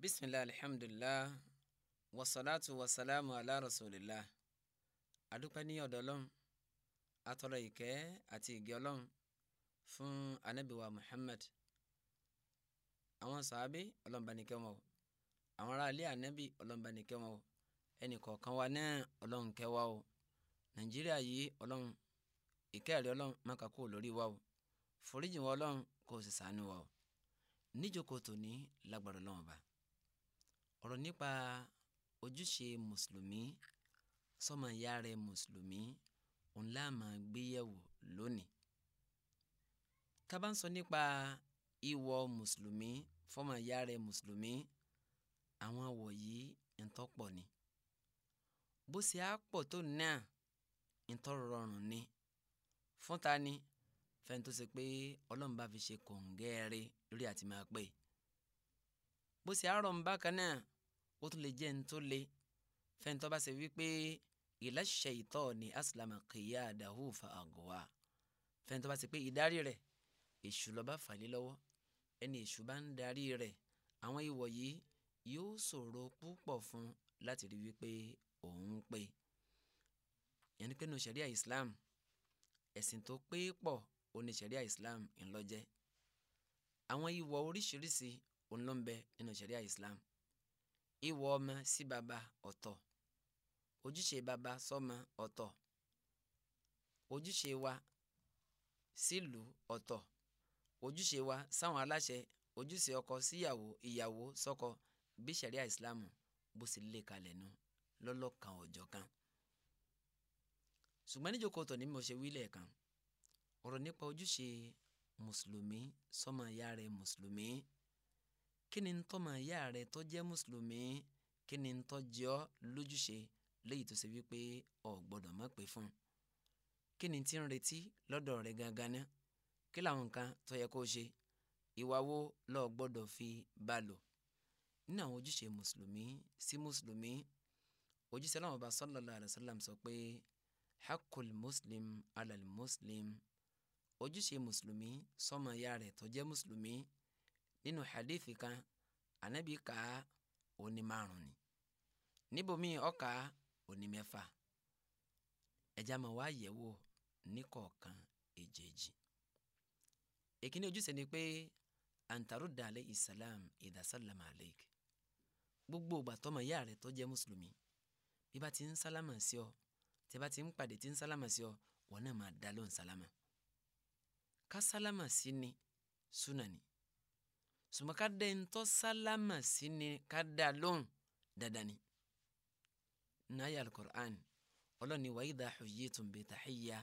bisimilahi alihamdulilah wasalaatu wasalaamu ala rasulillah adúpẹ́ ní ọ̀dọ̀ Ọlọ́run atọrọ ìkẹ́ àti ìgẹ́ Ọlọ́run fún anabiwa Muhammad àwọn sàábé ọlọ́nbanikẹ́ wọn o àwọn aráalé anabi ọlọ́nbanikẹ́ wọn o ẹnì kọ̀ọ̀kan wa náà Ọlọ́run kẹ́ wa o Nàìjíríà yìí Ọlọ́run ìkẹ́rẹ́ Ọlọ́run má kà kó lórí wa o foríjì wa Ọlọ́run kó sì ṣàánú wa o níjókòó tòní lágbára Ọlọ́run ọba ọ̀rọ̀ nípa ojúṣe mùsùlùmí sọ́mọ ìyá rẹ̀ mùsùlùmí òun láà máa gbéyẹ̀wò lónìí. tá bá ń sọ nípa ìwọ mùsùlùmí fọ́mọ ìyá rẹ̀ mùsùlùmí àwọn wọ̀nyí ntọ́pọ̀ ni bó ṣe á pọ̀ tó náà ntọ́rọrùn ni fúnta ni fẹ́ni tó pé ọlọ́run bá fi ṣe kòǹgẹ́rẹ́ lórí àti máa pè é bó ṣe àárọ̀ ń bákan náà ó tún lè jẹ́ ń tó le fẹ́ntọ́ bá ṣe wípé ìlà ṣaitani aslama qiyadahu fa aghwa fẹ́ntọ́ bá ṣe pé ìdarí rẹ̀ èṣù ló bá fà lé lọ́wọ́ ẹni èṣù bá ń darí rẹ̀ àwọn ìwọ̀ yìí yóò ṣòro púpọ̀ fún láti rí wípé òun pé yẹn ni pé nu ṣẹ̀ríà Islam ẹ̀sìn tó pé pọ̀ oníṣẹ̀ríà Islam ńlọ́jẹ́ àwọn ìwọ̀ oríṣiríṣi òun ló ń bẹ nínú ṣẹ̀ríà Islam ìwọ ọmọ sí baba ọ̀tọ̀ ojúṣe baba sọ́mọ ọ̀tọ̀ ojúṣe wa sílùú ọ̀tọ̀ ojúṣe wa sáwọn aláṣẹ ojúṣe ọkọ síyàwó ìyàwó sọ́kọ bí ṣẹ̀ríà Islam bó sì lè kalẹ̀ nu lọ́lọ́kan ọjọ́ kan ṣùgbọ́n níjókòó tọ̀ ní mo ṣe wí lẹ́ẹ̀kan ọ̀rọ̀ nípa ojúṣe mùsùlùmí sọ́mọ ìyá rẹ̀ mùsùlùmí. So kí ni ntọ́mọ ìyá rẹ tó jẹ́ mùsùlùmí kí ni ntọ́jọ́ lójúṣe léyìí tó ṣe wípé o gbọ́dọ̀ má pé fún un kí ni tí ń retí lọ́dọ̀ rẹ gangan ná kí làwọn nǹkan tó yẹ kó ṣe ìwà wo ló gbọ́dọ̀ fi bá lò nínú àwọn ojúṣe mùsùlùmí sí mùsùlùmí ojúṣe láwọn ọba sallallahu alaihi wasallam sọ pé hakul muslim alal muslim ojúṣe mùsùlùmí sọmọ ìyá rẹ tó jẹ́ mùsùlùmí nínú hadithi kan anabi kàá òní márùn ni níbòmí ọkà òní mẹ́fà ẹ̀já máa wá yẹ̀wò níkọ̀ọ̀kan èjèèjì èkíní ojúṣe ni pé antaruda alẹ́ isalam ìdásálàmà alek gbogbo ìgbà tọmọ ìyá rẹ tó jẹ́ mùsùlùmí bí bá ti ń sálámà sí ọ tí bá ti ń pàdé tí ń sálámà sí ọ wọn náà máa dá lóhùn sálámà ká sálámà sí ni súnà ni ṣùgbọ́n ká dẹ́ ń tọ́ sálámà sí ni ká dá a lóhùn dandan ni. náyà alukur'an ọlọ́ni wa idha huyyitum bi tahiyya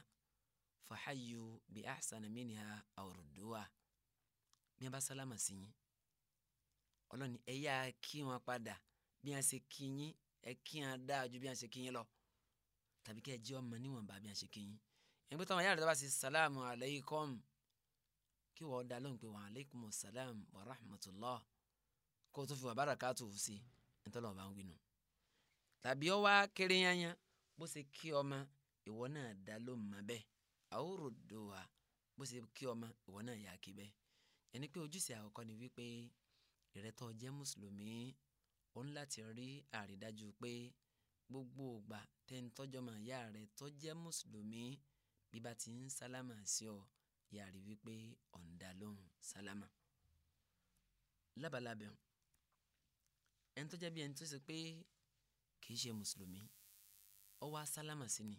fahayyu bi ahsana minha aw rudduha bí wọ́n bá sálámà sí yín ọlọ́ni ẹ yá kí wọn padà bí wọ́n ṣe kí yín ẹ kí wọn dáa ju bí wọ́n ṣe kí yín lọ tàbí kí ẹ jẹ́ ọmọ níwọ̀nba bí wọ́n ṣe kí yín ẹgbẹ́ táwọn yàrá tó bá ṣe sàlámù alaykum kí wọ́n dá lóhùn pé wa aleykum salam wa rahmatulah kó o tún fi wà bárakàtù sí i ntọ́lọ́ ọba ń wí nù. tàbí ọ wá kéré yányá bó ṣe kí ọmọ ìwọ náà dá lóhùn má bẹ́ẹ̀ àwòrò dò wá bó ṣe kí ọmọ ìwọ náà yà kí bẹ́ẹ̀ ẹni pé ojúṣe àkọ́kọ́ ni wípé ìrẹ́tọ́ jẹ́ mùsùlùmí ó ń láti rí àrídájú pé gbogbo ògbà tẹ́ńtọ́jọ́ màá yá rẹ̀ yàá rí wípé ọ̀ǹda lóhùn sálámà lábalábẹ́ ẹni tó jẹ́ bí ẹni tó ṣe pé kìí ṣe mùsùlùmí ó wá sálámà sí ni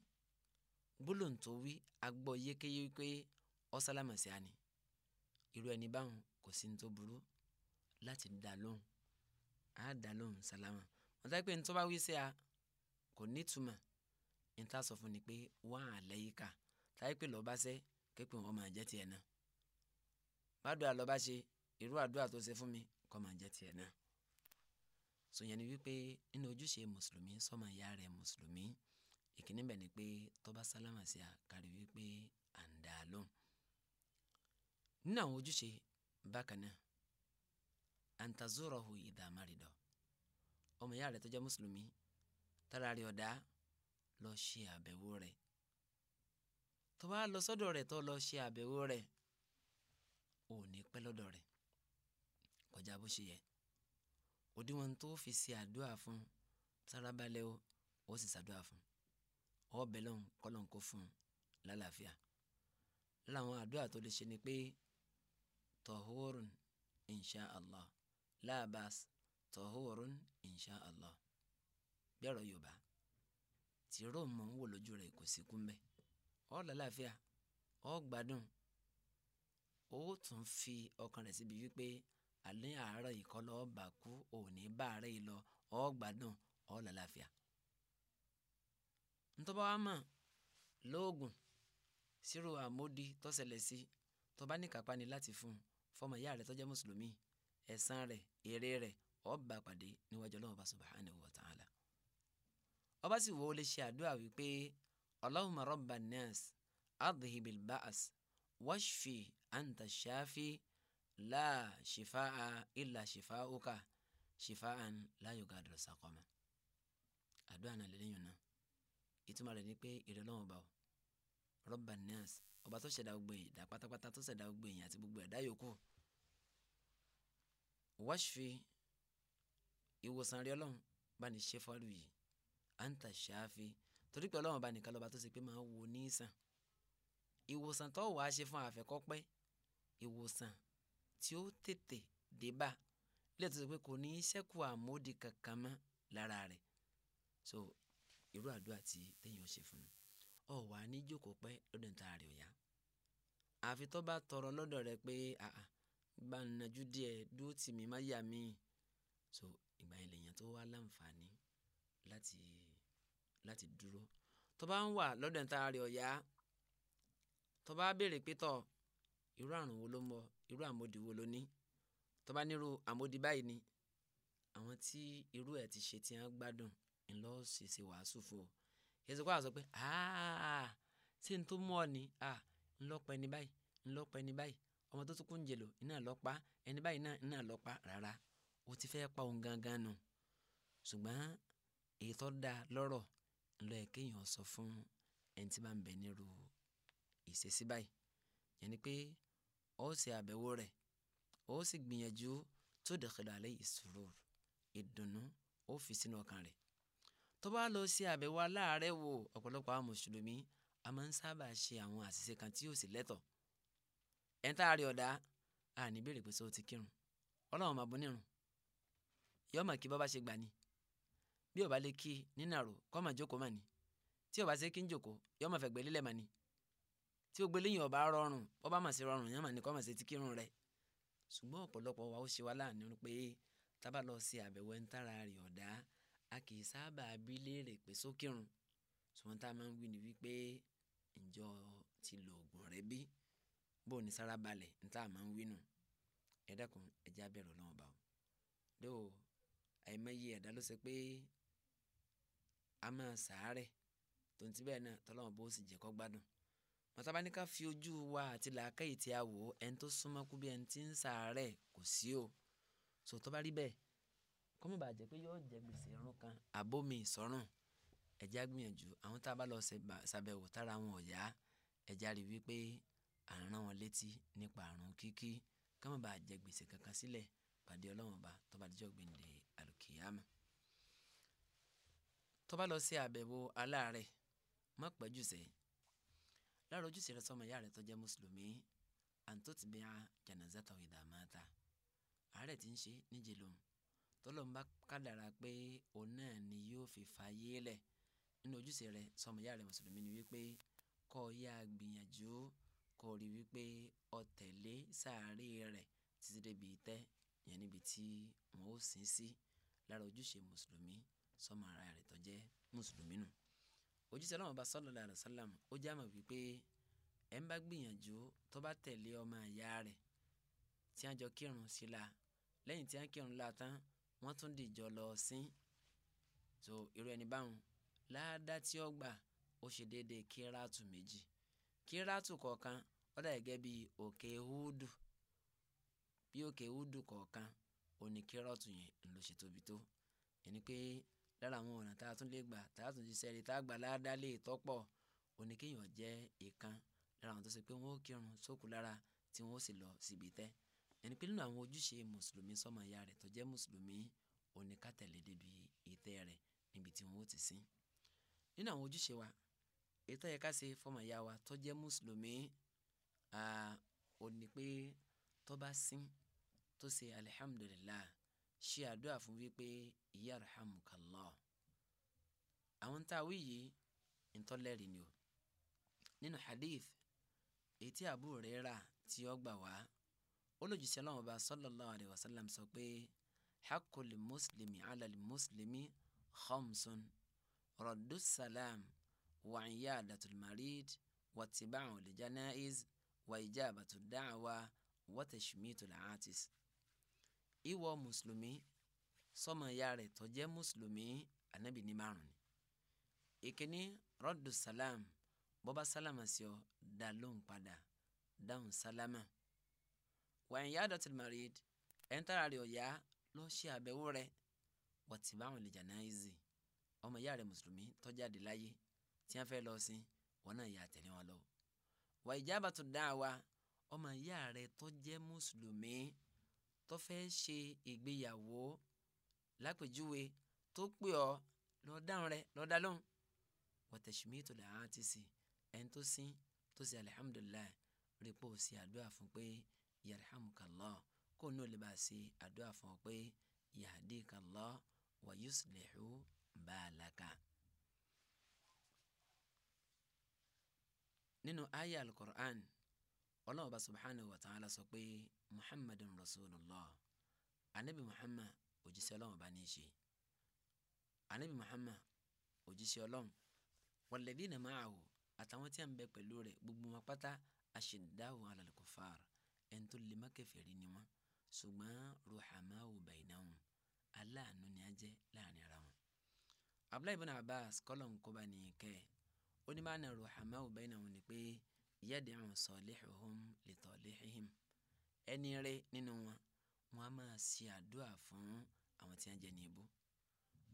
gbólóhùn tó wí agbọ́ yékéyé pé ó sálámà sí àní irú ẹni báwọn kò sí ní tó burú láti dá lóhùn á dá lóhùn sálámà wọ́n dá pé ní tó bá wí sí a kò nítumọ̀ ní tá a sọ fún ni pé wà á lẹ́yìn ká táyé pé lọ́ọ́ bá sẹ́ képe wọn máa jẹ́ tiẹ̀ náà bàdúrà lọ bá ṣe irú àdúrà tó ṣe fún mi kọ́ máa jẹ́ tiẹ̀ náà sòyẹn ni wípé nínú ojúṣe mùsùlùmí sọ́mọ ìyá rẹ̀ mùsùlùmí ìkíní bẹ̀ ni pé tọ́ba sálámà sí a kárí wípé à ń dá a lóhùn nínú àwọn ojúṣe bákan náà antazurahu ìdààmárìdọ̀ ọmọ ìyá rẹ̀ tó mùsùlùmí tára rí ọ̀dá lọ ṣe àbẹ̀wò rẹ̀ tó bá lọ sọ́dọ̀ rẹ̀ tó lọ ṣe àbẹ̀wò rẹ̀ ò ní pẹ́ lọ́dọ̀ rẹ̀ kọjá bó ṣe yẹ òdiwọ̀n tó fi ṣe àdúrà fún sárábàlẹ̀ o ó sì ṣàdúrà fún ọbẹ̀ lọ́n kọ́lọ́n kó fún un lálàáfíà láwọn àdúrà tó lè ṣe ni pé tọ̀húrùn insha allah láàbàs tọ̀húrùn insha allah yorùbá tí róòmù ń wò lójú rẹ̀ kò sí kú mbẹ́ ọ lálàáfíà ọ gbádùn ó tún fi ọkàn rẹ̀ síbi wípé alẹ́ àárọ̀ ìkọlọ́ ọba kú òní bá àárẹ̀ yìí lọ ọ gbádùn ọ lálàáfíà. ntọ́ba wa mọ̀ lóògùn sírò àmódi tọ́sẹ̀lẹ̀ sí tó ní kápá ni láti fún fọmọ ìyá rẹ̀ tó jẹ́ mùsùlùmí ẹ̀san rẹ̀ èrè rẹ̀ ọba pàdé níwájú ọlọ́run bá subhanahu wa ọba sì wo lè ṣe àdúrà wípé Allahumma rabban nas adhibil ba'as washfi anta shafi la shifaa illa shifauka shifaan la yugadiru saqama. àdúrà náà lẹ́yìn náà ìtumọ̀ rẹ̀ ni pé ìrẹ́lọ́wọ́ bá o rabban nas ọba tó ṣẹ̀dá gbogbo ẹ̀dá pátápátá tó ṣẹ̀dá gbogbo ẹ̀yìn àti gbogbo ẹ̀dá yòókù wáṣfì ìwòsàn rẹ ọlọ́run bá ní ṣe fọ́ọ̀lù yìí anta ṣáfi torí pé ọlọ́run ọba nìkan lọ́ba tó ṣe pé máa wò ní ìsàn ìwòsàn tó wàá ṣe fún àfẹ́kọ́pẹ́ ìwòsàn tí ó tètè débà lè tó ṣe pé kò ní í ṣẹ́kù kankan mọ́ lára rẹ̀ so irú àdúrà tí téèyàn ṣe fún un ọ wà ní jókòó pẹ́ lọ́dọ̀ níta rẹ̀ ọ̀yá àfi tó bá tọrọ lọ́dọ̀ rẹ̀ pé àà bá ń díẹ̀ dúró tì mí má yà mí so ìgbà yẹn lèèyàn tó wá láǹfààní láti láti dúró tó bá ń wà lọ́dọ̀ ní tààrí ọ̀yá tó bá béèrè pé tọ̀ irú àrùn wo ló mọ irú àmódi wo ló ní tó bá nírú àmódi báyìí ni àwọn tí irú ẹ̀ ti ṣe tí wọ́n gbádùn ńlọ ṣèṣe wàásù fún o yẹsẹ kó àsọ pé aaa ṣé n tó mú ọ ni a ńlọpọ ẹni báyìí ńlọpọ ẹni báyìí ọmọ tó tún kún jèlò iná lọ́pa ẹni báyìí náà iná lọ́pa rárá o ti fẹ́ pa òun gangan nù ṣùgbọ́n èyí tó dáa lọ́rọ̀ ńlọ yẹ kéèyàn sọ fún ẹni tí bá ń bẹ nírú ìṣesí báyìí yẹn ni pé ó ṣe àbẹ̀wò rẹ̀ ó sì gbìyànjú tó dẹ̀kẹ̀lẹ̀ alẹ́ ìṣòro ìdùnnú ó fi sínú ọkàn rẹ̀ tó bá lọ ṣe àbẹ̀wò aláàárẹ̀ wo ọ̀pọ̀lọpọ̀ àwọn mùsùlùmí a máa ń sábà ṣe àwọn àṣìṣe kan tí yóò sì lẹ́tọ̀ ẹ̀ ń tá a rí ọ̀dà a ní béèrè pé sọ ti kírun ọlọ́run máa bọ́ nírun yọ́ọ́ bí ó bá lè kí nínú àrò kó máa jókòó mà ní tí ó bá ṣe kí ń jókòó yóò máa fẹ̀gbẹ́ lélẹ̀ mà ní tí ó gbélé yìí rọrùn ó bá mà sí rọrùn yẹn mà ní kó máa ṣe ti kírun rẹ̀ ṣùgbọ́n ọ̀pọ̀lọpọ̀ wa ó ṣe wá láàánú pé tábà lọ sí àbẹ̀wò ẹni tára rẹ̀ ọ̀dá a kì í sábà bí léèrè pé sókírun ṣùgbọ́n tá a máa ń wí ni wípé ǹjọ́ ti lo oògùn rẹ bí bó ní sára balẹ̀ ní tá a máa ń wí nù ẹ dákun ẹjẹ́ abẹ́rẹ́ ọlọ́run bá o dó àìmọye ẹ̀dá ló ṣe pé a máa sàárẹ̀ tontì bẹ́ẹ̀ náà tọ́lọ́wọ́n bó sì jẹ́ kó gbádùn mọ̀tàbáníkà fi ojú wa àti làákàyè tí a wò ó ẹni tó súnmọ́ kú bí ẹni tí ń sàárẹ̀ kò sí o sò tó bá rí bẹ́ẹ̀ kọ́mọ̀ bàjẹ́ pé yóò jẹ gbèsè irun kan àbómi ìsọ̀rùn ẹ̀já gbìyànjú àwọn tá a bá lọ ṣàbẹ̀wò tára wọn ò yá ẹ̀já rí wípé à ń rán wọn létí nípa àrùn kíkí kọ́mọ̀ bàjẹ́ gbèsè kankan sílẹ̀ pàdé ọlọ́wọ́n bá tó bá dijọ́ gbèǹde àlùkìyàmù tó bá lọ sí àbẹ̀wò aláàárẹ̀ má pẹ́jù sẹ́ lára ojúṣe rẹ sọmọ ìyá rẹ tó jẹ́ mùsùlùmí àǹtó ti bí a jànàzátà ìdààmú ta àárẹ̀ ti ń ṣe níjẹ lòun tọ́lọ́n bá kádàrà pé òun náà ni yóò fi fàyè lẹ̀ nínú ojúṣe rẹ sọmọ ìyá rẹ mùsùlùmí ni wípé kọ́ ọ gbìyànjú kọ́ rí wípé ọ sàárè rẹ títí débi tẹ́ yẹn níbi tí wọ́n ó sin sí lára ojúṣe mùsùlùmí sọmọ ara rẹ̀ tó jẹ́ mùsùlùmí nù ojúṣe ọlọ́run bá sallallahu alaihi wasallam ó já mọ̀ wípé ẹ̀ ń bá gbìyànjú tó bá tẹ̀lé ọmọ ìyá rẹ̀ tí a jọ kírun sí la lẹ́yìn tí a kírun la tán wọ́n tún dìjọ lọ sí so irú ẹni báwọn láàdá tí ó gbà ó ṣe déédéé kíráàtù méjì kíráàtù kọ̀ọ̀kan ó dà gẹ́gẹ́ bí òkè húdù bí òkè húdù kọ̀ọ̀kan òní kíráàtù yẹn ló ṣe tóbi tó ẹni pé lára àwọn ọ̀nà tá a tún lè gbà tá a tún ṣiṣẹ́ rí tá a gbà ládàá lè e tọ́pọ̀ oníkéèyàn jẹ́ ìkan lára àwọn tó ṣe pé wọ́n ó kírun sókù lára tí wọ́n ó sì lọ síbi tẹ́ ẹni pé nínú àwọn ojúṣe mùsùlùmí sọ́mọ ìyá rẹ̀ tó jẹ́ mùsùlùmí oníkàtẹ̀lé débi ìtẹ́ rẹ̀ níbi tí wọ́n ó ti sìn nínú àwọn ojúṣe wa ètò ẹ̀ka ṣe fọ́mọ ìyá wa tó jẹ́ mùsùlùmí ó ní pé tó bá sìn tó ṣe alihamudulilayi ṣe àdúrà fún wípé yarhamukallah àwọn tá a wí yìí ntọ́lẹ́rì ni o nínú hadith ètí Abu Hurairah tí ó gbà wá olójúṣe aláwọ̀ bá sallallahu alayhi wa sallam sọ pé haqqul muslimi ala muslimi khamsun raddu salam wa iyadatul marid wa tiba'u li janaiz wa ijabatu da'wa wa tashmitul atis ìwọ mùsùlùmí sọmọ ìyá rẹ̀ tó jẹ́ mùsùlùmí ànábì ní márùn ni ìkíní rọ́dù sálám bọ́bá sálàmà sí ọ dá lóhùn padà dáhùn sálámà wàyìn yá dọ̀tí marid ẹ̀ ń tàrà rẹ̀ ọ̀yá lọ ṣe àbẹ̀wò rẹ̀ wọ́n ti báwọn lè jàná ìzì ọmọ ìyá rẹ̀ mùsùlùmí tó jáde láyé tí wọ́n fẹ́ lọ sí wọn náà yà tẹ̀lé wọn lọ wàyìn jábàtú dáhà wa ọmọ ìyá rẹ̀ tó mùsùlùmí tó fẹ́ ṣe ìgbéyàwó lápèjúwe tó pè ọ́ lọ́ọ́ dáhùn rẹ lọ́ọ́ dá lóhùn wọ́tẹ̀sùmí tó lè hàn ti sì ẹni tó sin tó sì alihamudulilayi rí pò sí àdúrà fún pé yarhamukallah kó ní olè bá sí àdúrà fún ọ pé yahdikallah wa yuslihu baalaka. nínú aya al-Qur'an ọlọ́run bá wa ta'ala sọ pé muhammadun rasulullah anabi muhammad òjíṣẹ́ ọlọ́run bá ní í ṣe anabi muhammad òjíṣẹ́ ọlọ́run walladhina ma'ahu àtàwọn tí a ń bẹ pẹ̀lú rẹ̀ gbogbo wọn pátá ashiddahu ala al-kuffar ẹni tó lè má kèfèrí ni wọn ṣùgbọ́n ruhamahu bainahum aláàánú ni a jẹ́ ara wọn. abdullahi ibn abbas kọ́lọ̀ nkóbá ní kẹ́ ó ní máa na ruhamahu bainahum ni pé yad'u salihuhum li talihihim ẹni rẹ nínú wọn wọn a máa ṣe àdúrà fún àwọn tí wọn jẹ ní ibú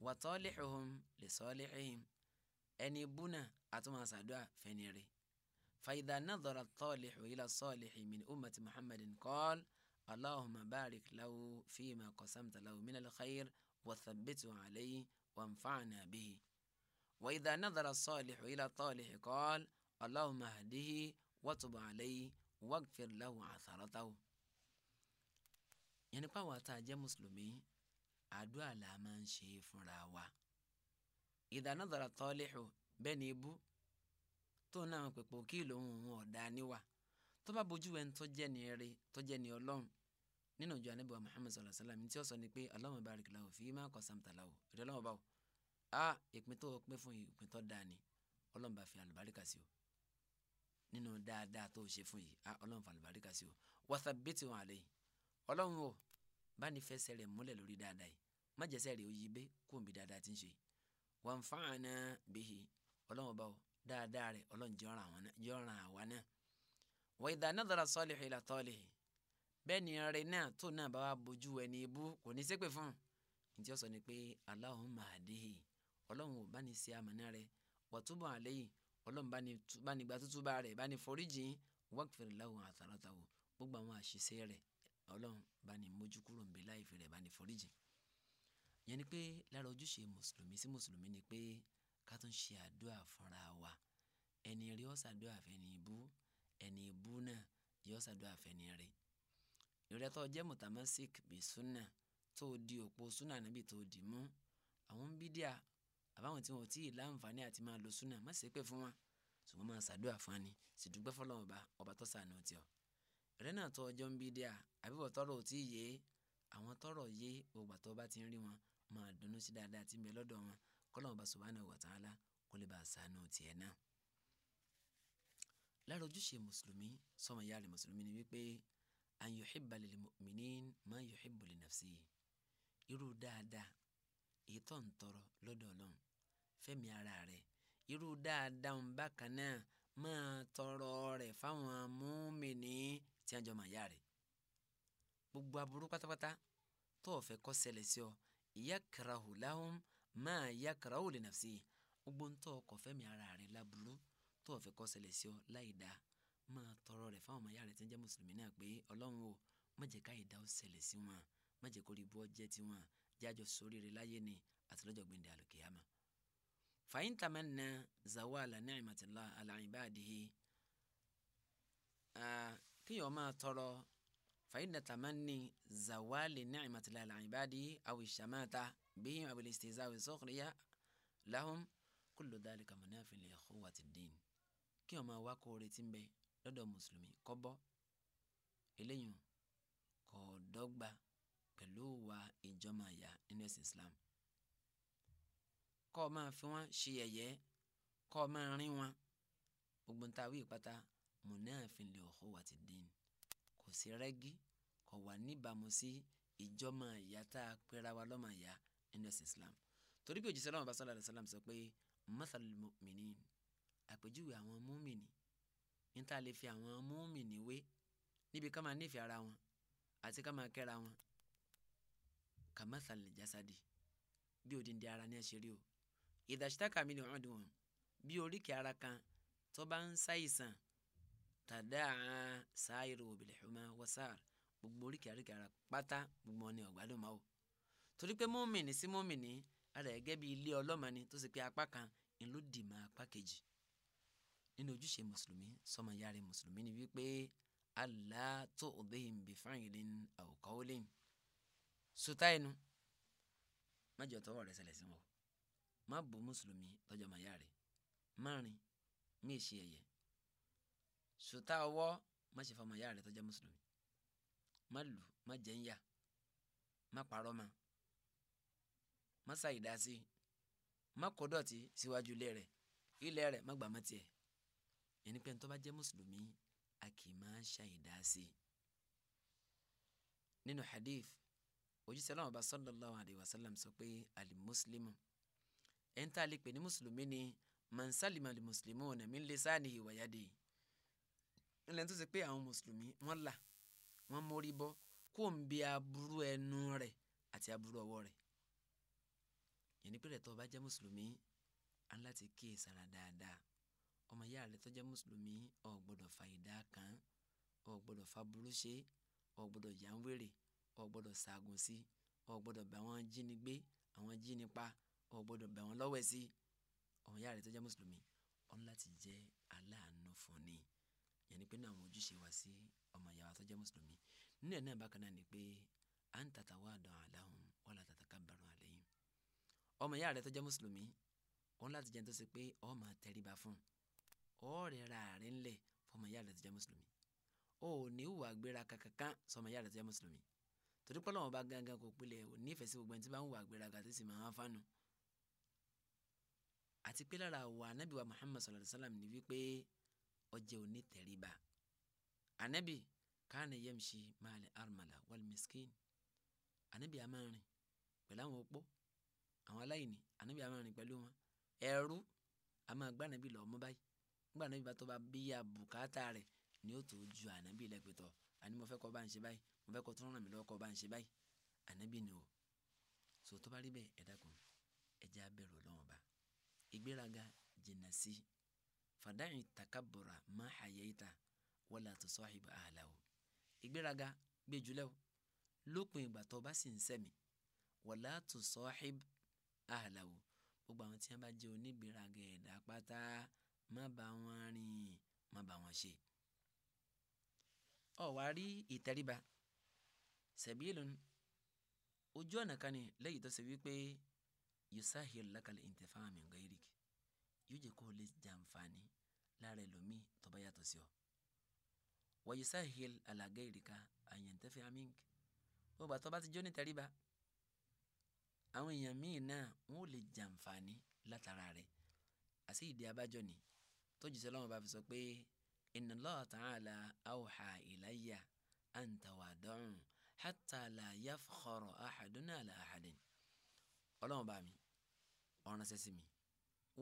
wa salihuhum li salihihim ẹni ibú náà a tún máa ṣàdúrà fẹ́ni rẹ fa idha nadhara at-talihu ila as-salihi min ummati muhammadin qala allahumma barik lahu fima qasamta lahu min al-khair wa thabbithu alayhi وانفعنا به وإذا نظر الصالح إلى الطالح قال اللهم اهده وتب عليه واغفر له عثرته yẹn nípa àwọn ata jẹ́ mùsùlùmí àdúrà là máa ń ṣe fúnra wa ìdánadàrà tọ́lẹ́hù bẹ́ẹ̀ ni ibú tó náà pèpò kí lòun òun ọ̀dà níwà tó bá bójú ẹni tó jẹ́ ni eré tó jẹ́ ni ọlọ́run nínú ìjọ anábìwá Muhammad sallallahu alayhi wa sallam tí ó sọ ni pé Allahumma barik lahu fima qasamta lahu ìrẹ́ ọlọ́run báwo a ìpín tó pín fún ìpín tó dáa ni ọlọ́run bá fi àlùbáríkà sí o nínú dáadáa tó ṣe fún yìí a ọlọ́run fi àlùbáríkà sí o wa thabbithu alayhi ọlọ́run o bá ní fẹsẹ̀ rẹ̀ múlẹ̀ lórí dáadáa yìí má jẹ́sẹ̀ rẹ̀ ó yí bẹ́ kó n bí dáadáa ti ń ṣe wọ́n fáwọn náà bẹ́ẹ̀ ọlọ́run bá o dáadáa rẹ̀ ọlọ́run jọ́ràn àwa náà wọ́n ìdá nadara sọ́ọ̀lì ìlà tọ́ọ̀lì bẹ́ẹ̀ ni rẹ̀ náà tó náà bá wa bójú ẹni ibú kò ní ṣépè fún un ní tí ó sọ ni pé Allahumma hadihi ọlọ́run ò bá ní ṣe àmàna rẹ̀ wàtúbọ̀ àlẹ́yìn ọlọ́run bá ní gba tútúbà rẹ̀ bá ní foríjìn wákìfẹ̀rẹ̀ láwọn àtàràtàwọ̀ gbogbo àwọn àṣìṣe rẹ̀ ọlọ́run bá ní mójú kúrò nbẹ láì fi rẹ̀ bá ní foríjì yẹn ni pé lára ojúṣe mùsùlùmí sí mùsùlùmí ni pé ká tún ṣe àdúrà fúnra wa ẹni rí ó ṣàdúrà fẹ́ni ibú ẹni ibú náà yóò ṣàdúrà fẹ́ni rí ìrẹ́tọ́ jẹ́ mutamasik bí súnà tó di òpó súnà níbi tó di mú àwọn bídíà àbáwọn tí wọn ò tí ì láǹfààní àti máa lo súnà má ṣe pé fún wọn ṣùgbọ́n máa ṣàdúrà fún wa ni sì dúpẹ́ fọlọ́wọ́n ọba tó ṣàánú tiọ́ ìrẹ́ náà tó ọjọ́ ń bídíà àbí wọ́n tọ́rọ̀ ò tí ì yé àwọn tọ́rọ̀ yé ògbà tó bá ti ń rí wọn máa dùnnú sí dáadáa tí ń bẹ lọ́dọ̀ wọn kọ́lọ́mù bá subhanahu wa ta'ala kó lè bá a sànú tiẹ̀ náà. lára ojúṣe mùsùlùmí sọmọ ìyá rẹ̀ mùsùlùmí ni wípé an yuhibba lil mu'minin ma yuhibbu li nafsi irú dáadáa èyí tó ń tọrọ lọ́dọ̀ ọlọ́run fẹ́mi ara rẹ̀ irú dáadáa ń bákan náà máa tọrọ rẹ̀ fáwọn múmìnì tí gbogbo aburú pátápátá tó o fẹ́ kó ṣẹlẹ̀ sí ọ yakrahu lahum ma yakrahu li nafsi gbogbo ń tọ́ ọkọ̀ fẹ́mi ara rẹ̀ láburú tó o fẹ́ kó ṣẹlẹ̀ sí ọ láì dáa máa tọrọ rẹ̀ fáwọn ọmọ ìyá rẹ̀ tí ń jẹ́ mùsùlùmí náà pé ọlọ́run o má jẹ́ ká ìdá ó sí wọn má jẹ́ kó rí bú ọjẹ́ tí wọn jájọ sóríire láyé ni àti lọ́jọ́ gbẹ̀ndẹ̀ àlùkìyàmà. fàyín tamanna zawala ni'matillah ala ibadihi kíyọ̀ máa tọrọ fàyínà tàmánì zawali ní ìmọ̀tìlára ìbádìí àwọn ìṣàmáta bíi àwìlì ìṣèṣà àwọn ìṣọ́kùnrin láhùn kúlò dáàlì kàmọ́nà àfihàn ẹ̀kọ́ wà ti dín kí ọmọ wa kó retí ń bẹ lọ́dọ̀ mùsùlùmí kọ́ bọ́ eléyìí kò dọ́gba pẹ̀lú wa ìjọmọ̀ àyà nínú ẹ̀sìn Islam kọ́ ọ máa fi wọ́n ṣe yẹ̀yẹ́ kọ́ ọ máa rín wọn gbogbo ń ta wí ìpátá mọ̀nà àfihàn ẹ̀kọ́ wà ti dín sí rẹ́gí kò wà níbàámu sí ìjọ́mọ ìyá tá a pera wa lọ́mọ ìyá nínú ẹ̀sìn Islam torí pé òjíṣẹ́ lọ́wọ́ bá sọ́lá rẹ̀ sálàm sọ pé mathalul mu'minin àpèjúwe àwọn múmìnì níta lè fi àwọn múmìnì wé níbi ká máa nífẹ̀ẹ́ ara wọn àti ká máa kẹ́ra wọn ka mathal jasadi bí odindi ara ní ẹsẹ̀ rí o ìdàṣítàkà mi ni ọ̀rọ̀ dùn wọ́n bí oríkèé ara kan tó bá ń ṣàìsàn tàdáà sáàyèrè òbílẹ̀húnmá wọ́sàr gbogbo oríkèéríkèé ara pátá gbogbo ọ̀nì ọ̀gbádùnmá o torí pé mọ́mìnì sí mọ́mìnì ara ẹ̀ gẹ́gẹ́ bí ilé ọlọ́mọni tó ṣe pé apá kan ìlú dìmọ̀ apá kejì nínú ojúṣe mùsùlùmí sọmọ ìyá rẹ mùsùlùmí ni wípé Allah tó òdehìn bí fáyìlín àwòkọ́wọ́lẹ́yìn sùtá ẹnu má jẹ́ ọ̀tọ́wọ́ rẹ ṣẹlẹ̀ sí wọn má bu mùsùlùmí tọ́jọ́ mọ̀ ìyá rẹ má rìn mí èsì ẹ̀yẹ sùtá ọwọ́ má ṣe fọmọ ìyá rẹ tó jẹ́ mùsùlùmí má lù má jẹ́ ń yà má parọ́ ma má ṣàyídá sí má kó dọ̀tí síwájú ilé rẹ̀ ilé rẹ̀ má gbà má tiẹ̀ yẹn ni pé tó bá jẹ́ mùsùlùmí a kì í máa ṣàyídá sí. nínú hadith òjíṣẹ́ náà ọba sallallahu alayhi wa sallam sọ pé alimuslimu ẹ̀ ń tà lè pè ní mùsùlùmí ni man salima alimuslimu ọ̀nà min lisanihi wa yadihi ńlẹ́ tó ṣe pé àwọn mùsùlùmí wọ́n là wọ́n mórí bọ́ kó ń bi aburú ẹnu rẹ̀ àti aburú ọwọ́ rẹ̀ yẹn ni pé rẹ̀ tó bá jẹ́ mùsùlùmí á ní láti kíyè sára dáadáa ọmọ ìyá rẹ̀ tó jẹ́ mùsùlùmí ò gbọ́dọ̀ fa ìdá kan ò gbọ́dọ̀ fa burú ṣe ò gbọ́dọ̀ yà ń wèrè ò gbọ́dọ̀ ṣaagùn sí ò gbọ́dọ̀ bá wọn jínigbé àwọn jínipa ò gbọ́dọ̀ bá wọn lọ́wẹ̀ ọmọ ìyá rẹ̀ tó jẹ́ mùsùlùmí ó láti jẹ́ aláàánú fún ni yẹnni pé ní àwọn ojúṣe wa sí ọmọ ìyá wa tó jẹ́ mùsùlùmí nínú ẹ̀ náà bákan náà ni pé à ń tàtà wá dán àláhùn wọ́n là tàtà kábàárùn àlẹ́yìn ọmọ ìyá rẹ tó jẹ́ mùsùlùmí òun láti jẹun tó ṣe pé ó máa tẹríba fún ọ̀rẹ́ ra rẹ ńlẹ̀ fọmọ ìyá rẹ tó jẹ́ mùsùlùmí ó ní ìwà àgbéra kankan sọmọ ìyá rẹ tó mùsùlùmí torí pé Ọlọ́hun bá gángan kò pilẹ̀ ò nífẹ̀ẹ́ àti pé lára wà nábìwá Muhammad sallallahu alaihi wa sallam ni wípé ó jẹ́ onítẹríba anabi kaana yamshi maali armala wal miskin anabi a máa rìn pẹ̀lú àwọn opó anabi a máa rìn pẹ̀lú wọn ẹrú anabi lọ́ọ́ mú báyìí nígbà anabi bá tó bá bíyà bùkátà rẹ̀ ni ó tó ju anabi lẹ́pẹ̀tọ̀ àní mo fẹ́ kọ́ bá ń ṣe báyìí mo fẹ́ kọ́ tó ràn mí lọ́wọ́ kọ́ bá ń ṣe báyìí anabi ni o so tó bá rí bẹ́ẹ̀ ẹ dákun ẹ jẹ́ abẹ́rù ba ìgbéraga jìnnà sí fàdáì takabura má hayéta wọlé àtúnṣọ́ ìbá àhàlà o ìgbéraga gbé jùlẹ̀ o lópin ìgbà tó o bá sì ń sẹ́mi wọlé àtúnṣọ́ ìbá àhàlà o gbogbo àwọn tí wọn bá jẹ onígbéraga ẹ̀dá pátá má bá wọn rìn má bá wọn ṣe. ó wá rí ìtẹríba sẹ̀bílùn ojú ọ̀nà kan ni lẹ́yìn tó ṣe wípé yusahil lakal intifa min gairik yóò jẹ́ kó o lè jàǹfààní lára ẹlòmíì tó bá yàtọ̀ sí ọ. wayusahil ala gairika àyàntẹ́fẹ́ amink wọ́n gbà tó bá ti jó ní tẹríba àwọn èèyàn míì náà wọ́n ò lè jàǹfààní látara rẹ̀ àti ìdí abájọ ni tó jù sọ́lọ́wọ́n bá fi sọ pé inna Allah ta'ala awha ilayya an tawada'u hatta la yafkhara ahadun ala ahadin ọlọ́wọ́n bá mi ọ̀ràn sẹ́sì mi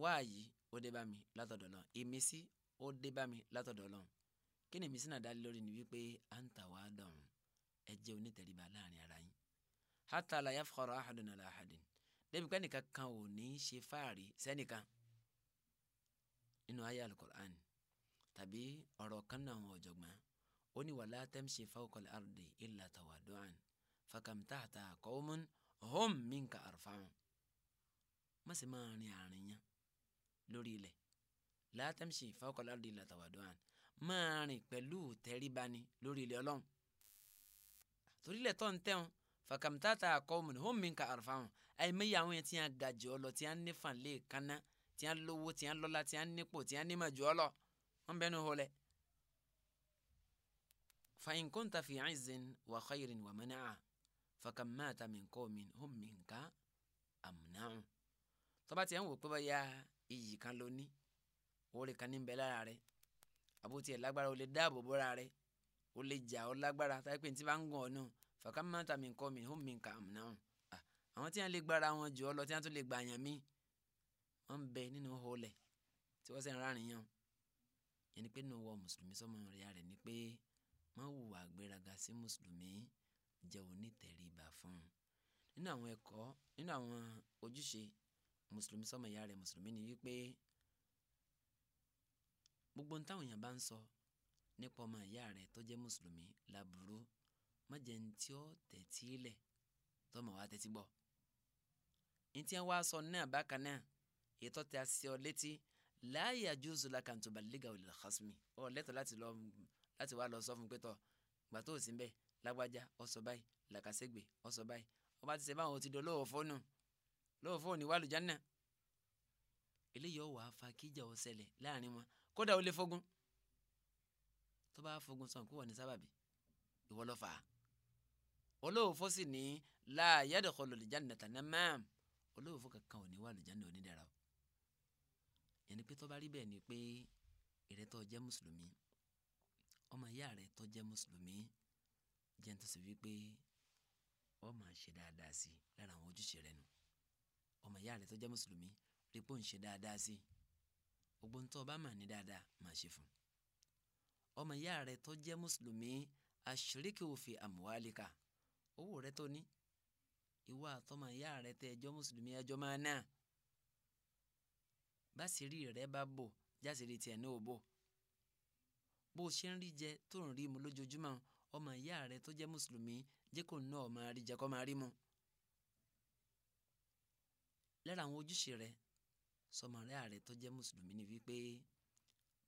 wáàyí ó dé bá mi látọ̀dọ̀ náà ìmísí ó dé bá mi látọ̀dọ̀ náà kí ni ìmísí náà dá lórí ni wípé à ń tà wá dọ̀rùn ẹ jẹ́ onítẹ̀ríba láàrin ara yín hátà àlàyé fọ̀rọ̀ àhàdùn àlà àhàdùn débi pé nìkan kan ò ní í ṣe fáàrí sẹ́nìkan nínú ayé alukur'an tàbí ọ̀rọ̀ kan náà àwọn ọ̀jọ̀gbọ́n ó ní wàlá tẹ́mṣe fáwọkọ̀lẹ̀ àrùdè ìlà tàwádọ́àn fàkàmtàtà kọ́ọ́mùn hóm mìǹkà àrùfáàn má sì máa rin àárín yẹn lórí ilẹ̀ látẹ̀mṣì fọkànlá di làtàwádùn máa rìn pẹ̀lú tẹríbani lórí ilẹ̀ ọlọ́run torí ilẹ̀ tó ń tẹ̀wọ̀n fàkàmtàtà àkọ́wọ́mù ni hómi nǹkan àrùfà wọn àìmọye àwọn yẹn tí a ga jù ọ lọ tí a ní fanlé kaná tí a lówó tí a lọ́lá tí a nípò tí a nímọ̀ jù ọ lọ wọn bẹ́ẹ̀ ní hólẹ̀. fàyín kóńtà fi àìsàn wà khayrin wà mẹ́nàá fàkàmtàtà mi kọ́ mi hómi nǹkan àmúnáà tọ́ba tí a ń wò pé bá yá iyì kan ló ní oore kan ní bẹ lára rẹ àbótiẹ̀ lágbára o lè dáàbò bóra rẹ o lè jà ọ lágbára táyé pé tí bá ń gàn ọ náà fàkà mọ́tà mi kọ́ mi hómi nǹkan àmì náà àwọn tí wọ́n lè gbára wọn jù ọ lọ tí wọ́n tún lè gbà yàn mí wọ́n ń bẹ nínú hólẹ̀ tí wọ́n sì ń rárin yàn yẹn ni pé nínú wọ mùsùlùmí sọmọ ìyá rẹ̀ ni pé má hùwà àgbéraga sí mùsùlùmí jẹ́ onítẹ̀ríba fún un nínú àwọn ẹ̀kọ́ nínú àwọn ojúṣe mùsùlùmí sọmọ ìyá rẹ̀ mùsùlùmí ni wípé gbogbo ń táwọn èèyàn bá ń sọ nípa ọmọ ìyá rẹ̀ tó jẹ́ mùsùlùmí làbúrú mọ̀jẹ̀ni tí ó tẹ̀tí lẹ̀ tọmọ wa tẹ́tí gbọ́ ní tí wọ́n á sọ náà bákan náà ètò tí a ṣe ọ létí láàyè àjọsọ làkàntúbà lẹ́gà òlìlà xasmi ọ lẹ́tọ̀ láti lọ láti wá lọ sọ fún pétọ́ gbà tó lágbájá ọ báyìí làkàṣègbè ọ báyìí ọba ti ṣe báwọn ò ti dolówó fóònù lọ́wọ́ ni òní wà lùjánà eléyìí ọ̀wọ́ afa kíjà ó ṣẹlẹ̀ láàrin wọn kódà ó lè fogun tó bá fogun sàn kó wọ̀ ní sábàbí ìwọ ló fà á olóòfó sì ní láàyàdọ̀kọ lòlùjánà tàná máàm olóòfó kankan òní wà lùjánà onídàra o yẹnni pé tó bá rí bẹ́ẹ̀ ni pé ìrẹ́ tó jẹ́ mùsùlùmí ọmọ ìyá rẹ̀ tó jẹ́ mùsùlùmí jẹ́ ń tó sì wípé wọ́n máa ṣe dáadáa sí lára àwọn ojúṣe rẹ̀ nù ọmọ ìyá rẹ tó jẹ́ mùsùlùmí rí pò ń ṣe dáadáa sí i ogbon tó o bá mà ní dáadáa máa ṣe fún un ọmọ ìyá rẹ tó jẹ́ mùsùlùmí àṣíríkì òfin àmúwálíkà owó rẹ tó ní ìwọ àtọmọ ìyá rẹ tẹ ẹjọ́ mùsùlùmí ẹjọ́ máa náà báṣìírí rẹ bá bò jáṣìírí tiẹ̀ náà bò bó o ṣe ń rí jẹ tó ń rí mu lójoojúmọ́ ọmọ ìyá rẹ tó jẹ́ mùsùlùmí jẹ́ kó náà máa rí jẹ kó máa rí mu lára àwọn ojúṣe rẹ sọmọ rẹ ààrẹ tó jẹ́ mùsùlùmí ni wípé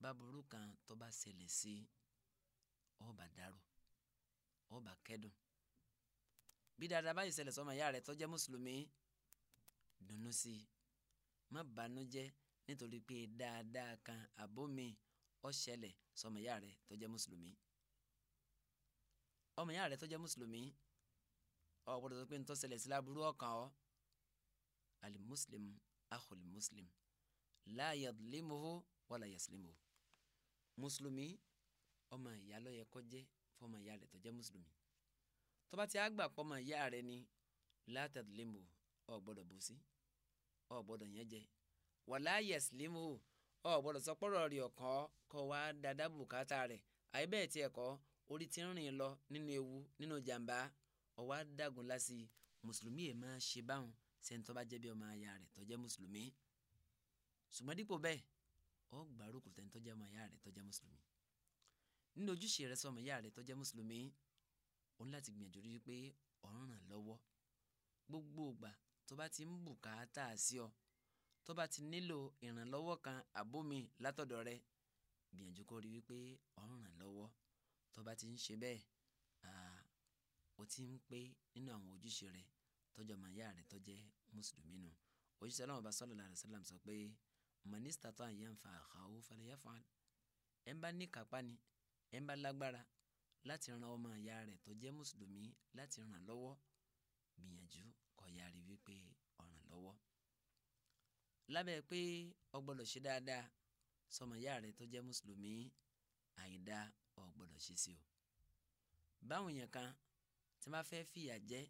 báburú kan tó bá ṣẹlẹ̀ sí ọ bá dárò ọ bá kẹ́dùn bí dáadáa báyìí ṣẹlẹ̀ sọmọ ìyá rẹ tó jẹ́ mùsùlùmí dùnnú sí i má bànújẹ́ nítorí pé dáadáa kan àbómi ọ ṣẹlẹ̀ sọmọ ìyá rẹ tó jẹ́ mùsùlùmí ọmọ ìyá rẹ tó jẹ́ mùsùlùmí ọ pé ń tó ṣẹlẹ̀ sí láburú ọkàn ọ alimuslim akhul muslim la yadlimuhu wala yaslimuhu mùsùlùmí ọmọ ìyá ló yẹ kó jẹ́ fọmọ ìyá rẹ̀ tó jẹ́ mùsùlùmí tó bá ti àgbà pọmọ ìyá rẹ̀ ni la tadlimuhu ò gbọ́dọ̀ bù sí ò gbọ́dọ̀ yẹn jẹ wala yaslimuhu ò gbọ́dọ̀ sọpọ́rọ̀ rẹ̀ ọ̀kan kọ́ wá dáadáa bùkátà rẹ̀ àyè bẹ́ẹ̀ tiẹ̀ kọ́ orí ti rìn lọ nínú ewu nínú jàǹbá ọ̀wá dàgùn lásì mùsùlùmí ẹ̀ máa ṣe báwọn sẹ́ni tó bá jẹ́ bí ọmọ aya rẹ̀ tó jẹ́ mùsùlùmí ṣùgbọ́n dípò bẹ́ẹ̀ ọ gbárùkù tẹ́ni ọmọ aya rẹ̀ tó mùsùlùmí nínú ojúṣe rẹ̀ sọmọ aya rẹ̀ tó mùsùlùmí òun láti gbìyànjú rí pé ọ̀ràn ràn lọ́wọ́ gbogbo ìgbà tó bá ti ń bùkátà sí ọ tó bá ti nílò ìrànlọ́wọ́ kan àbómi látọ̀dọ̀ rẹ gbìyànjú kó rí wípé ọ̀ràn ràn lọ́wọ́ tó bá ti ń ṣe bẹ́ẹ̀ ó ti ń pé nínú àwọn ojúṣe rẹ tọ́jọ́ ọmọ ìyá rẹ̀ tó jẹ́ mùsùlùmí nù òjíṣẹ́ ọlọ́run ọba sallallahu alaihi wasallam sọ pé mọ̀nísítà tó àyè ń fa àkàwọ́ fàlẹ́yàfà ẹ̀ ń bá ní kápá ni ẹ̀ ń bá lágbára láti ran ọmọ ìyá rẹ̀ tó jẹ́ mùsùlùmí láti ràn lọ́wọ́ gbìyànjú kó yára wípé ọ̀ràn lọ́wọ́ lábẹ́ pé o ṣe dáadáa sọmọ ìyá rẹ̀ tó mùsùlùmí àìdá o ṣe sí o báwọn èèyàn kan tí wọ́n fẹ́ fìyà jẹ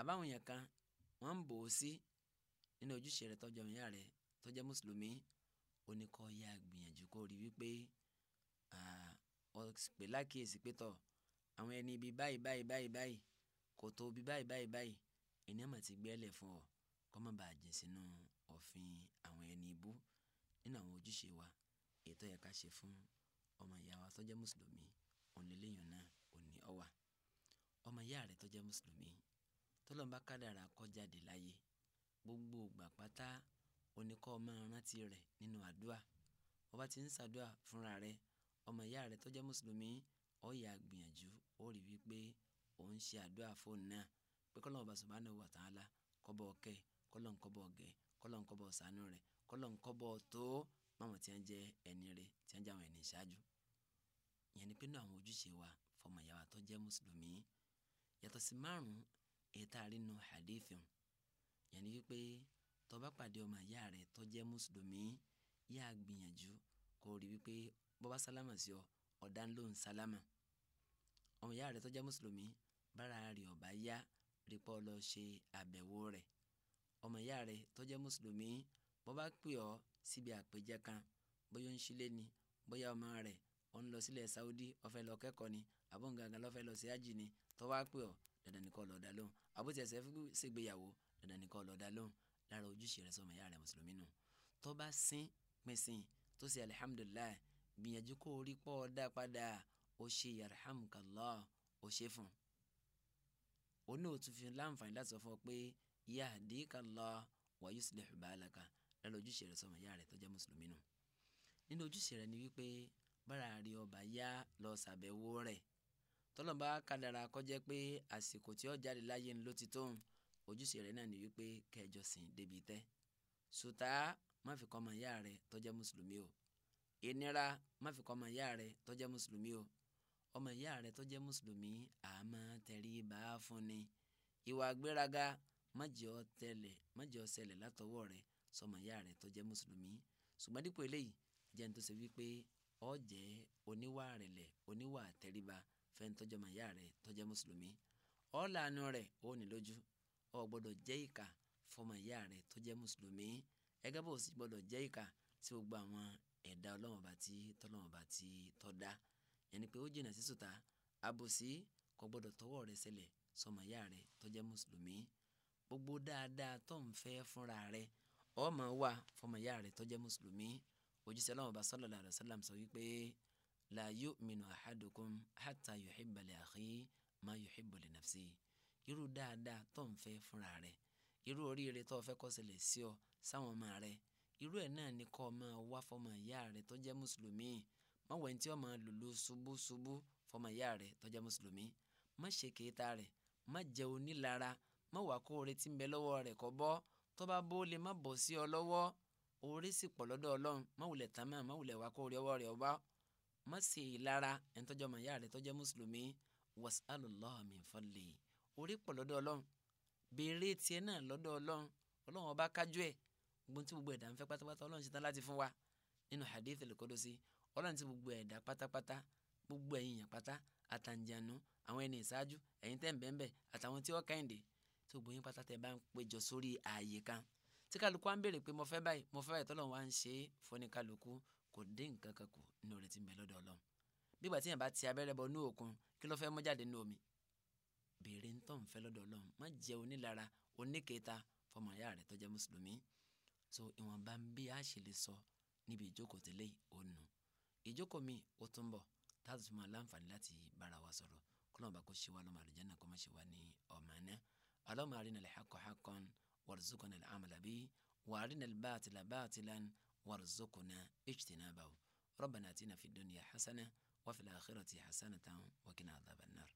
àbáwọn yẹn kan wọ́n ń bò ó sí nínú ojúṣe rẹ̀ tọ́jọ́ ìyá rẹ̀ tó jẹ́ mùsùlùmí oníkọ́ ya gbìyànjú kó rí wípé ọ̀pẹ̀ lákìyèsí pétọ̀ àwọn ẹni ibi báyìí báyìí báyìí báyìí kò tó ibi báyìí báyìí báyìí ẹni àmà ti gbẹ́lẹ̀ fún ọ kọ́ má bàa jìn sínú òfin àwọn ẹni ibú nínú àwọn ojúṣe wa ètò yẹ ká ṣe fún ọmọ ìyá wa tó mùsùlùmí òun náà òní ọ̀wà ọmọ ìyá rẹ̀ tó mùsùlùmí tọ́lọ́mbà kádàrà kó jáde láyé gbogbo ìgbà pátá oníkọ́ máa rántí rẹ̀ nínú àdúà wọ́n bá ti ń ṣàdúà fúnra rẹ̀ ọmọ ìyá rẹ̀ tó jẹ́ mùsùlùmí ó yá gbìyànjú ó rí wípé òun ṣe àdúà fóun náà pé kọ́lọ́n ọba subhanahu wa ta'ala kọ́bọ̀ ọkẹ́ kọ́lọ́n kọ́bọ̀ ọgẹ́ kọ́lọ́n kọ́bọ̀ ọ̀sánú rẹ̀ kọ́lọ́n kọ́bọ̀ tó máwọn tí wọ́n jẹ́ ẹni rẹ̀ tí wọ́n jẹ́ àwọn ẹni ìṣáájú ìyẹn ni pé ní àwọn ojúṣe wa fọmọ ìyá wa tó mùsùlùmí yàtọ̀ sí márùn-ún ètà rínú hadithium yẹn ni wípé tó bá pàdé ọmọ ìyá rẹ tó jẹ́ mùsùlùmí yá gbìyànjú kó rí wípé bọ́bá sálámà sí ọ ọ̀dá ló ń sálámà ọmọ ìyá rẹ tó jẹ́ mùsùlùmí bára rẹ̀ ọ̀bá yá rí lọ ṣe àbẹ̀wò rẹ̀ ọmọ ìyá rẹ tó mùsùlùmí bọ́bá pè ọ́ síbi àpèjẹ kan bóyá ó ń ṣílé ni bóyá ọmọ rẹ̀ ó ń lọ sílẹ̀ Saudi ó fẹ́ lọ kẹ́kọ̀ọ́ ni àbóǹgangan ló fẹ́ lọ sí àjì ni tó pè ọ́ dandan ni kó lọ dá lóhùn àbótí ẹsẹ̀ ṣègbéyàwó dandan ni kó lọ dá lóhùn lára ojúṣe rẹ sọmọ ìyá rẹ mùsùlùmí nù tó bá sín pínsìn tó ṣe alihamudulilayi gbìyànjú kó o rí pọ́ ọ dá padà ó ṣe yarhamukallah ó ṣe fún un ó ní òtún fi láǹfààní láti sọ fún ọ pé yahdikallah wa yuslihu ba'alaka lára ojúṣe rẹ sọmọ ìyá rẹ tó jẹ́ mùsùlùmí nù nínú ojúṣe rẹ ni wípé bára rí ọba yá lọ ṣàbẹ̀wò rẹ̀ tọ́lọ́mbà kádàrá kó jẹ́ pé àsìkò tí ó jáde láyé ló ti tó ojúṣe rẹ̀ náà ni wípé kẹjọ sìn débi tẹ́ sùtá má fi kọ́ ìyá rẹ̀ tó mùsùlùmí o ìnira má fi kọ́ ọmọ ìyá rẹ̀ tó mùsùlùmí o ọmọ ìyá rẹ̀ tó jẹ́ mùsùlùmí àmọ́ tẹ̀rí bá a fún ni ìwà àgbéraga má jẹ́ ó tẹ̀lẹ̀ má jẹ́ ó ṣẹlẹ̀ látọwọ́ rẹ̀ sọmọ ìyá rẹ̀ tó jẹ́ mùsùlùmí ṣùgbọ́n dípò eléyìí jẹ́ ní tó ṣe wípé ó jẹ́ oníwà rẹ̀lẹ̀ oníwà tẹríba fẹ́ni tọ́jọ́ mọ̀ ìyá rẹ̀ tọ́jọ́ mùsùlùmí ọ̀làánú rẹ̀ ó ní lójú ó gbọ́dọ̀ jẹ́ ìkà fọmọ ìyá rẹ̀ tọ́jọ́ mùsùlùmí ẹgẹ́ bó sì gbọ́dọ̀ jẹ́ ìkà tí gbogbo àwọn ẹ̀dá Ọlọ́run bá ti tọ́lọ́run bá ti tọ́da yẹn ni pé ó jìnnà sí sùtà àbòsí kò gbọ́dọ̀ tọwọ́ rẹ̀ ṣẹlẹ̀ sọmọ ìyá rẹ̀ tọ́jọ́ mùsùlùmí gbogbo dáadáa tó ń fẹ́ fúnra rẹ̀ ọmọ wa fọmọ ìyá rẹ̀ tọ́jọ́ mùsùlùmí òjíṣẹ́ Ọlọ́run bá sallallahu alaihi wasallam sọ wípé la yu'minu ahadukum hatta yuhibba li akhihi ma yuhibbu li nafsi irú dáadáa tó ń fẹ́ fúnra rẹ̀ irú oríire tó fẹ́ kó ṣẹlẹ̀ sí ọ sáwọn ọmọ rẹ̀ irú ẹ̀ náà ni kó máa wá fọmọ ìyá rẹ̀ tó jẹ́ mùsùlùmí má wẹ̀ tí ó máa lùlù ṣubú ṣubú fọmọ ìyá rẹ̀ tó jẹ́ mùsùlùmí má ṣe kéta rẹ̀ má jẹ́ onílara má wà kó oore ń bẹ lọ́wọ́ rẹ̀ kó bọ́ tó bá bó lè má bọ̀ sí ọ lọ́wọ́ oore sì pọ̀ lọ́dọ̀ ọlọ́run má wulẹ̀ tán má wulẹ̀ wá kó oore ọwọ́ rẹ̀ ọ má ṣe lára ẹni tó jẹ́ ọmọ ìyá rẹ tó jẹ́ mùsùlùmí wasalùlọ́ọ̀ min fadli orí pọ̀ lọ́dọ̀ ọlọ́run béèrè tiẹ̀ náà lọ́dọ̀ ọlọ́run ọlọ́run ọba kájú ẹ̀ gbọ́n tí gbogbo ẹ̀dá ń fẹ́ pátápátá ọlọ́run ṣetán láti fún wa nínú hadith al-Qudusi ọlọ́run tí gbogbo ẹ̀dá pátápátá gbogbo ẹ̀yin yàn pátá àtàǹjànú àwọn ẹni ìṣáájú ẹ̀yin tẹ̀ ń bẹ́ẹ̀ àtàwọn tí wọ́n kẹ́hìndé tí gbogbo yín pátá tẹ̀ bá ń péjọ sórí ààyè kan tí kálukú á ń béèrè pé mo fẹ́ báyìí mo fẹ́ báyìí tọ́lọ́run wá ń ṣe é fọ́ni kálukú kò dín nǹkan kan kù ní orí ti ń bẹ lọ́dọ̀ ọlọ́run bígbà tí yẹn bá ti abẹ́rẹ́ bọ ní òkun kí ló fẹ́ mú jáde ní omi béèrè ń tọ́ ń fẹ́ lọ́dọ̀ ọlọ́run má jẹ́ onílara oníkẹta fọmọ ìyá rẹ̀ tó mùsùlùmí so ìwọ̀nba ń bí a ṣe lè sọ níbi ìjókòó tẹ́lẹ̀ ònu ìjókòó mi ó tún bọ̀ táàtù fún wa láǹfààní láti bára wa sọ̀rọ̀ kúlọ̀ọ̀bà kó ṣe wa lọ́mọ àlùjáná kó má ṣe wa ní ọ̀mà náà اللهم ربنا آتنا في الدنيا حسنة وفي الآخرة حسنة وقنا عذاب النار